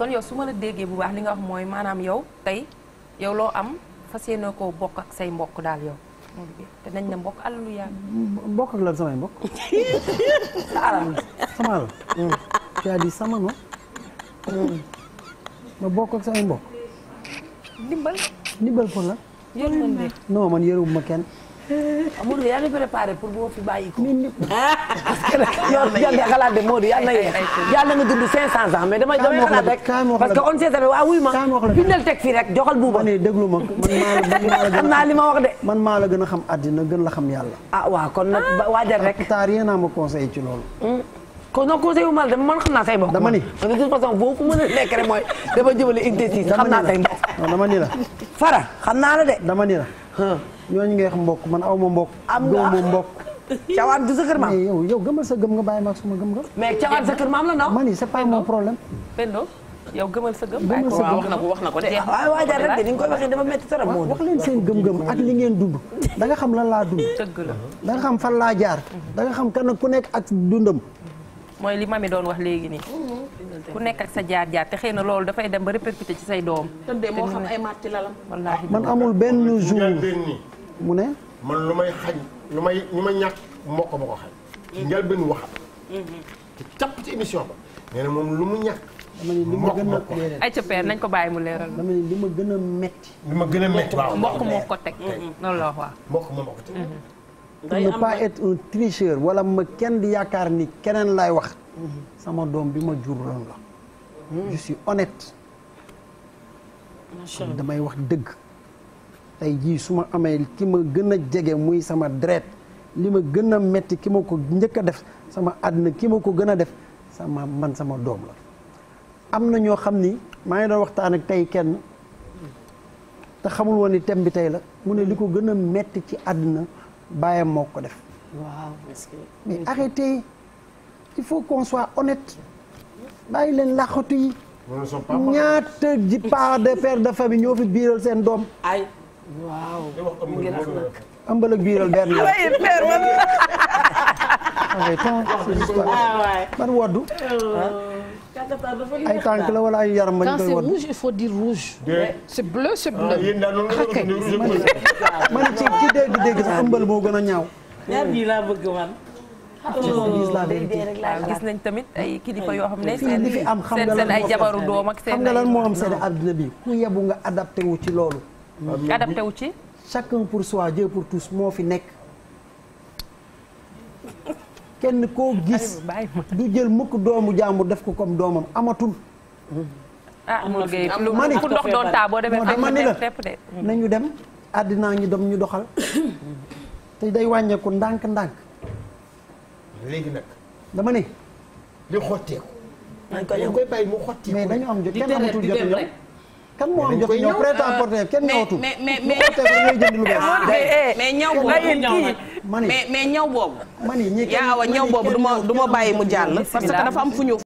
kon yow su ma la déggee bu baax li nga wax mooy maanaam yow tey yow loo am fas yéene koo bokk ak say mbokk daal yow. te nañ ne mbokk alal lu yàgg. mbokk ak lan samay mbokk. sa alal sama alal. tu as bokk ak samay mbokk. ndimbal. ndimbal pour la. yërmande non man yërëwuma kenn. Modou yaa ngi préparé pour boo fi bàyyi ko. parce que yow nga xalaat de na ma. bindal teg fii rek joxal buuba. man ma man maa la gën a xam naa li ma wax de. man maa la gën a xam àddina gën la xam yàlla. ah waaw kon nag ah. waajal rek. taa rien naa ma conseil ci loolu. Hmm. kon non conseil bu ma la dama man xam naa say mbokk. dama ni de toute façon boo ko mën a nekk naa say mbokk. dama ni la. Fara xam naa la de. dama ni la. ñooñu ngay wax mbokk man aw ma mbokk. am nga aw ma mbokk. cawaat du sa kër maam mais yow yow gëmal sa gëm nga bàyyi ma suma gëm nga. mais cawaat sa kër maam la non. man yi c'est a mon problème. Pendo yow gëmal sa gëm. gëmal sa gëm wax na ko wax na ko de. waaw waaw jaajëf rek de ni nga koy waxee dama métti trop. moo wax leen seen gëm-gëm ak li ngeen dund. da xam lan laa dund. dëgg la da nga xam fan laa jaar. da xam kan ku nekk ak dundam. mooy li ma mi doon wax léegi nii. Mm-hmm. ku nekk ak sa jaar jaar te xëy na loolu dafay dem ba répercuté ci say doom. tëddee moo xam ay màtti lalam. wallaahi man amul benn jour mu ne. man lu may xañ lu may ñu ma ñàkk moo ko ma ko xañ. njëlbeen waxam. Mm-hmm. te capp ci émission ba. nee moom lu mu ñàkk. dama ne li ma ay ca nañ ko bàyyi mu leeral. dama ne li ma gën a metti. li ma gën a metti waaw mbokk moo ko teg. Mm-hmm. loolu la wax waaw moo ko teg. pour ne pas wala ma kenn di yaakaar ni keneen laay wax mhm. sama doom bi ma jur loolu la mhm. je suis honnête damay wax dëgg tey jii su ma amee ki ma gën a jege muy sama dret li ma gën a metti ki ma ko njëkk a def sama àddina ki ma ko gën a def sama man sama doom la am na ñoo xam ni maa ngi doon waxtaan ak tey kenn te xamul woon ni thème bi tey la mu ne li ko gën a metti ci àddina bàyyam moo ko def. waaw est-ce que. mais arrêtez il faut qu'on soit honnête bàyyi leen làqatu yi. ñaata ji part de père de famille ñoo fi biiral seen doom. ay waaw. mu biiral benn la. Ah, man woddu euh, ay tànk la wala ay yaram bañ koy woddu. quand c'est ah, ci dégg sax ëmbal moo gën a ñaaw. ñaar ñii laa bëgg man. gis nañ tamit ay kilifa yoo xam ne seen seen ay jabaru doom ak seen xam nga lan moo am seen àdduna bi ku yebu nga adapté wu ci loolu. adapté wu ci. chacun pour soi Dieu pour tous moo fi nekk. kenn koo gis du jël mukk doomu jàmbur def ko comme doomam amatul. ah Mourguet lu ku ndox doon taa boo demee. dama ni la nañu dem. àddinaa ñu dem ñu doxal te day wàññeeku ndànk-ndànk. léegi nag. dama ne. li xotteeku. dañ koy dañ koy bàyyi mu xotteeku. mais dañu am jot kenn amatul jot ñoom. kan moo am jot ñoom prêt kenn ñëwatul. mais mais mais mais jënd lu ñaw boobu ma ne mais ñaw boobu. ma ne ñii kenn yaa awa ñaw boobu du ma du ma bàyyi mu jàll. parce que dafa am fu ñëw